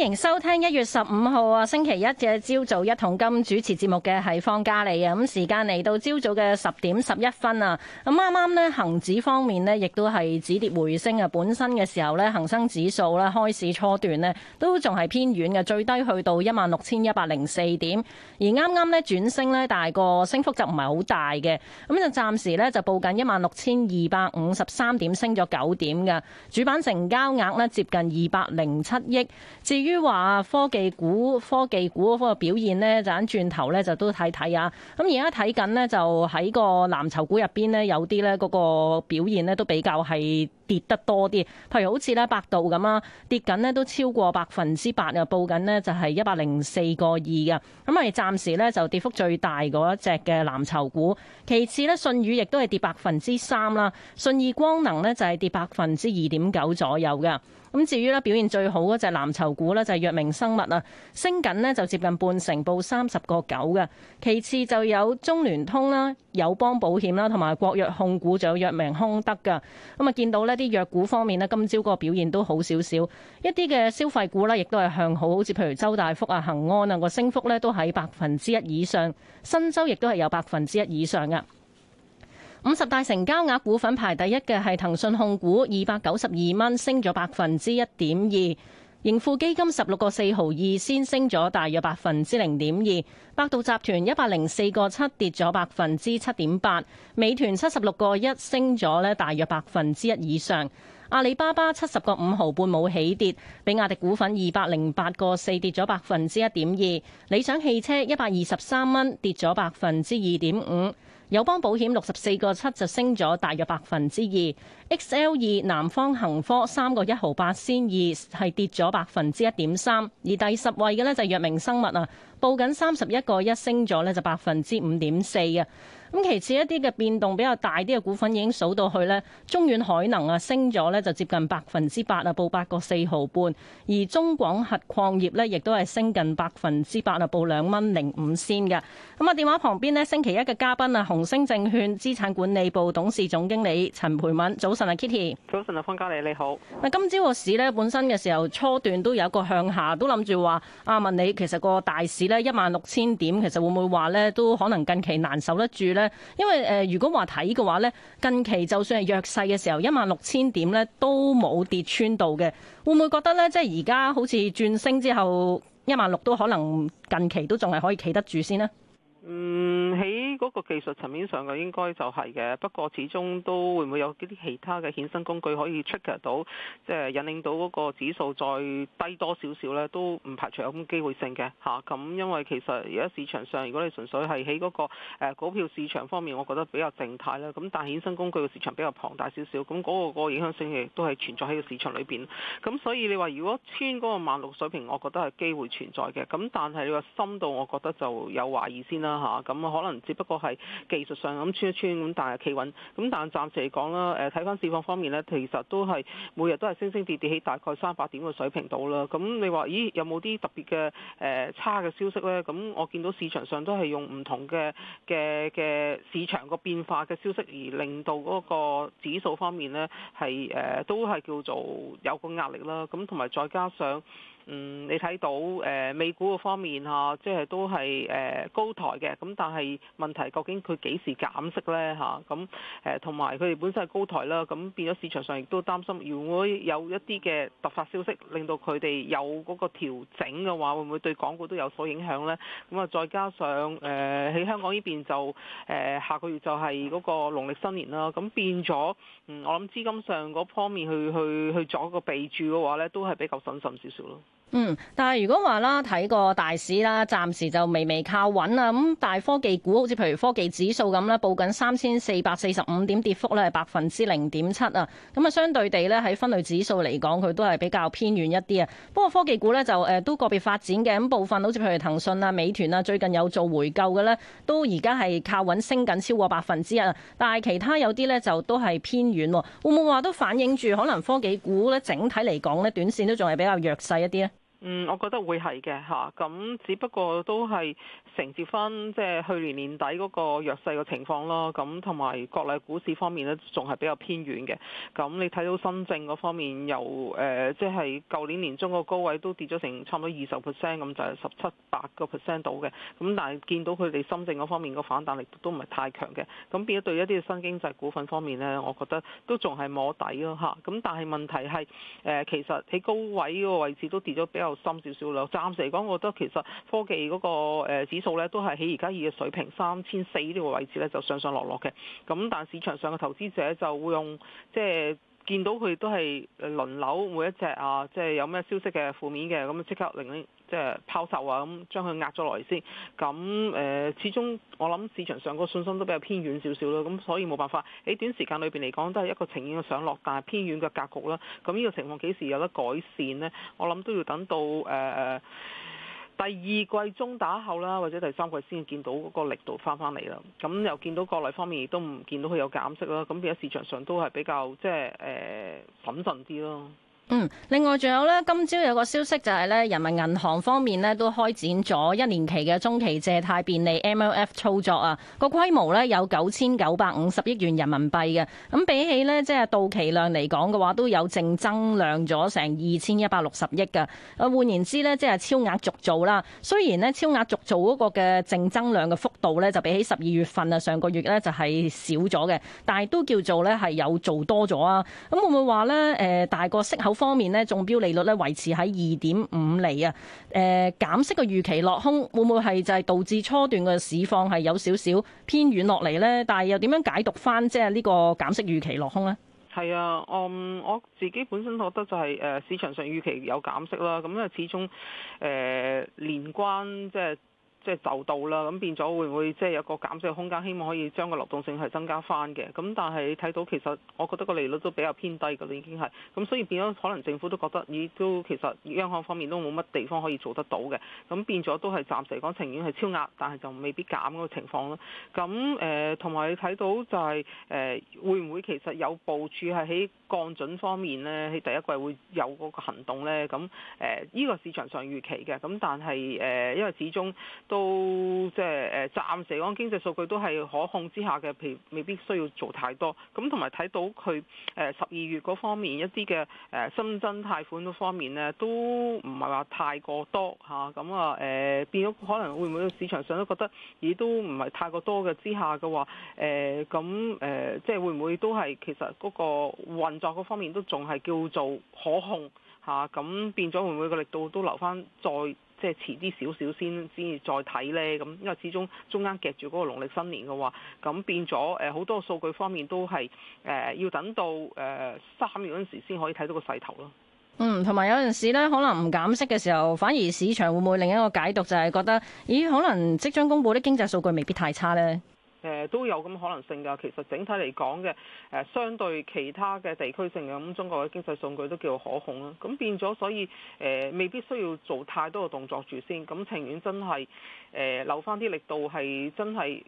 歡迎收聽一月十五號啊，星期一嘅朝早一桶金，主持節目嘅係方嘉麗啊。咁時間嚟到，朝早嘅十點十一分啊。咁啱啱呢，恒指方面呢，亦都係止跌回升啊。本身嘅時候呢，恒生指數呢開市初段呢，都仲係偏軟嘅，最低去到一萬六千一百零四點，而啱啱呢轉升呢，但係個升幅就唔係好大嘅。咁就暫時呢，就報緊一萬六千二百五十三點升咗九點㗎。主板成交額呢，接近二百零七億至於。於話科技股，科技股嗰個表現呢，就喺轉頭呢，就都睇睇啊。咁而家睇緊呢，就喺個藍籌股入邊呢，有啲呢嗰個表現呢，都比較係跌得多啲。譬如好似呢百度咁啊，跌緊呢都超過百分之八啊，報緊呢就係一百零四個二嘅。咁係暫時呢，就跌幅最大嗰一隻嘅藍籌股，其次呢，信譽亦都係跌百分之三啦，信義光能呢，就係跌百分之二點九左右嘅。咁至於呢，表現最好嗰隻藍籌股呢，就係藥明生物啊，升緊呢，就接近半成，報三十個九嘅。其次就有中聯通啦、友邦保險啦，同埋國藥控股，仲有藥明康德嘅。咁啊，見到呢啲藥股方面呢，今朝嗰個表現都好少少。一啲嘅消費股呢，亦都係向好，好似譬如周大福啊、恆安啊，個升幅呢都喺百分之一以上。新洲亦都係有百分之一以上嘅。五十大成交額股份排第一嘅係騰訊控股二百九十二蚊，升咗百分之一點二。盈富基金十六個四毫二，先升咗大約百分之零點二。百度集團一百零四個七，跌咗百分之七點八。美團七十六個一，升咗呢大約百分之一以上。阿里巴巴七十個五毫半冇起跌，比亞迪股份二百零八個四，跌咗百分之一點二。理想汽車一百二十三蚊，跌咗百分之二點五。友邦保險六十四個七就升咗大約百分之二。XL 二南方恒科三個一毫八先二係跌咗百分之一點三，而第十位嘅呢就藥明生物啊，報緊三十一個一升咗呢就百分之五點四啊。咁其次一啲嘅變動比較大啲嘅股份已經數到去呢，中遠海能啊升咗呢就接近百分之八啊，報八個四毫半。而中廣核礦業呢亦都係升近百分之八啊，報兩蚊零五先嘅。咁啊電話旁邊呢星期一嘅嘉賓啊，紅星證券資產管理部董事總經理陳蓓敏，早。早晨啊，Kitty。早晨啊，方嘉莉，你好。嗱，今朝個市咧本身嘅時候初段都有一個向下，都諗住話啊，問你其實個大市咧一萬六千點，其實會唔會話咧都可能近期難守得住呢？因為誒，如果話睇嘅話咧，近期就算係弱勢嘅時候，一萬六千點咧都冇跌穿到嘅，會唔會覺得咧即係而家好似轉升之後一萬六都可能近期都仲係可以企得住先呢？」嗯，喺嗰個技術層面上嘅應該就係嘅，不過始終都會唔會有啲啲其他嘅衍生工具可以 check、er、到，即、就、係、是、引領到嗰個指數再低多少少咧，都唔排除有咁機會性嘅吓，咁、啊、因為其實而家市場上，如果你純粹係喺嗰個誒、呃、股票市場方面，我覺得比較靜態啦。咁但係衍生工具嘅市場比較龐大少少，咁、那個個、那個影響性亦都係存在喺個市場裏邊，咁所以你話如果穿嗰個萬六水平，我覺得係機會存在嘅。咁但係你話深度，我覺得就有懷疑先啦。啦咁啊可能只不過係技術上咁穿一穿咁，但係企穩咁，但係暫時嚟講啦，誒睇翻市況方面呢，其實都係每日都係升升跌跌喺大概三百點嘅水平度啦。咁你話咦有冇啲特別嘅誒、呃、差嘅消息呢？咁我見到市場上都係用唔同嘅嘅嘅市場個變化嘅消息而令到嗰個指數方面呢，係誒、呃、都係叫做有個壓力啦。咁同埋再加上。嗯，你睇到誒美股個方面嚇，即係都係誒高台嘅，咁但係問題究竟佢幾時減息呢？嚇？咁誒同埋佢哋本身係高台啦，咁變咗市場上亦都擔心，如果有一啲嘅突發消息令到佢哋有嗰個調整嘅話，會唔會對港股都有所影響呢？咁啊，再加上誒喺香港呢邊就誒下個月就係嗰個農曆新年啦，咁變咗嗯，我諗資金上嗰方面去去去做一個備注嘅話呢都係比較審慎少少咯。嗯，但係如果話啦，睇個大市啦，暫時就微微靠穩啊。咁大科技股，好似譬如科技指數咁呢，報緊三千四百四十五點，跌幅呢係百分之零點七啊。咁啊，相對地呢，喺分類指數嚟講，佢都係比較偏遠一啲啊。不過科技股呢，就誒、呃、都個別發展嘅，咁部分好似譬如騰訊啊、美團啊，最近有做回購嘅呢，都而家係靠穩升緊超過百分之一啊。但係其他有啲呢，就都係偏遠，會唔會話都反映住可能科技股呢，整體嚟講呢，短線都仲係比較弱勢一啲呢？嗯，我覺得會係嘅嚇，咁只不過都係承接翻即係去年年底嗰個弱勢嘅情況咯，咁同埋國內股市方面呢，仲係比較偏遠嘅。咁你睇到深圳嗰方面由誒，即係舊年年中個高位都跌咗成差唔多二十 percent 咁，就係十七八個 percent 到嘅。咁但係見到佢哋深圳嗰方面個反彈力都唔係太強嘅。咁變咗對一啲新經濟股份方面呢，我覺得都仲係摸底咯嚇。咁但係問題係誒、呃，其實喺高位嗰個位置都跌咗比較，深少少啦，暫時嚟講，我覺得其實科技嗰個指數咧，都係喺而家二嘅水平三千四呢個位置咧，就上上落落嘅。咁但市場上嘅投資者就會用即係、就是、見到佢都係輪流每一隻啊，即、就、係、是、有咩消息嘅負面嘅，咁即刻令。即係拋售啊，咁將佢壓咗落嚟先。咁誒、呃，始終我諗市場上個信心都比較偏遠少少咯。咁所以冇辦法，喺短時間裏邊嚟講，都係一個呈現嘅上落但係偏遠嘅格局啦。咁呢個情況幾時有得改善呢？我諗都要等到誒、呃、第二季中打後啦，或者第三季先見到嗰個力度翻返嚟啦。咁又見到國內方面亦都唔見到佢有減息啦。咁而家市場上都係比較即係誒謹慎啲咯。嗯，另外仲有呢。今朝有個消息就係呢，人民銀行方面呢都開展咗一年期嘅中期借貸便利 MLF 操作啊，個、啊、規模呢有九千九百五十億元人民幣嘅，咁、啊、比起呢，即係到期量嚟講嘅話，都有淨增量咗成二千一百六十億嘅，啊換言之呢，即係超額續做啦，雖然呢，超額續做嗰個嘅淨增量嘅幅度呢，就比起十二月份啊上個月呢，就係、是、少咗嘅，但係都叫做呢，係有做多咗啊，咁會唔會話呢？誒、呃、大個息口方面呢，中標利率呢維持喺二點五厘啊，誒、呃、減息嘅預期落空，會唔會係就係導致初段嘅市況係有少少偏軟落嚟呢？但係又點樣解讀返即係呢個減息預期落空呢？係啊，嗯，我自己本身覺得就係、是、誒、呃、市場上預期有減息啦，咁因為始終誒年、呃、關即係。就是即係就，就到啦，咁變咗會唔會即係有個減少嘅空間？希望可以將個流動性係增加翻嘅。咁但係你睇到其實我覺得個利率都比較偏低㗎喇，已經係咁，所以變咗可能政府都覺得亦都其實央行方面都冇乜地方可以做得到嘅。咁變咗都係暫時嚟講情願係超額，但係就未必減嗰個情況咯。咁誒同埋你睇到就係、是、誒、呃、會唔會其實有部署係喺降準方面呢？喺第一季會有嗰個行動呢？咁誒呢個市場上預期嘅。咁但係誒、呃、因為始終。都即係誒暫時，講經濟數據都係可控之下嘅，譬如未必需要做太多。咁同埋睇到佢誒十二月嗰方面一啲嘅誒新增貸款嗰方面呢，都唔係話太過多嚇。咁啊誒變咗可能會唔會市場上都覺得嘢都唔係太過多嘅之下嘅話誒咁誒，即係會唔會都係其實嗰個運作嗰方面都仲係叫做可控嚇？咁、啊、變咗會唔會個力度都留翻再？即係遲啲少少先，先再睇呢，咁，因為始終中間夾住嗰個農曆新年嘅話，咁變咗誒好多數據方面都係誒、呃、要等到誒三月嗰陣時先可以睇到個勢頭咯。嗯，同埋有陣時呢，可能唔減息嘅時候，反而市場會唔會另一個解讀就係覺得，咦？可能即將公佈啲經濟數據未必太差呢。誒都有咁，可能性㗎，其實整體嚟講嘅誒，相對其他嘅地區性嘅咁，中國嘅經濟數據都叫可控啦。咁變咗，所以誒未必需要做太多嘅動作住先。咁情願真係誒、呃、留翻啲力度，係真係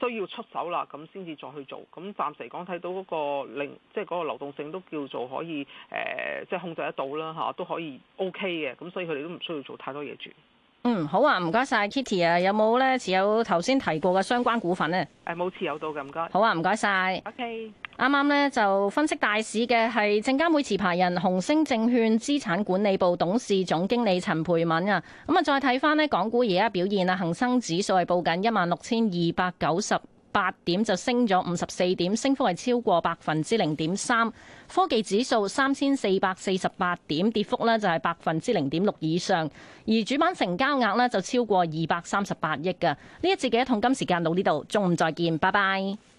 需要出手啦，咁先至再去做。咁暫時嚟講睇到嗰個令，即係嗰個流動性都叫做可以誒，即、呃、係、就是、控制得到啦嚇、啊，都可以 OK 嘅。咁所以佢哋都唔需要做太多嘢住。嗯，好啊，唔該晒，Kitty 啊，有冇咧持有頭先提過嘅相關股份呢？誒，冇持有到嘅，唔該。好啊，唔該晒。OK。啱啱咧就分析大市嘅係證監會持牌人紅星證券資產管理部董事總經理陳蓓敏啊。咁啊，再睇翻呢港股而家表現啊，恒生指數係報緊一萬六千二百九十。八點，就升咗五十四點，升幅係超過百分之零點三。科技指數三千四百四十八點，跌幅呢就係百分之零點六以上。而主板成交額呢就超過二百三十八億㗎。呢一節嘅一桶金時間到呢度，中午再見，拜拜。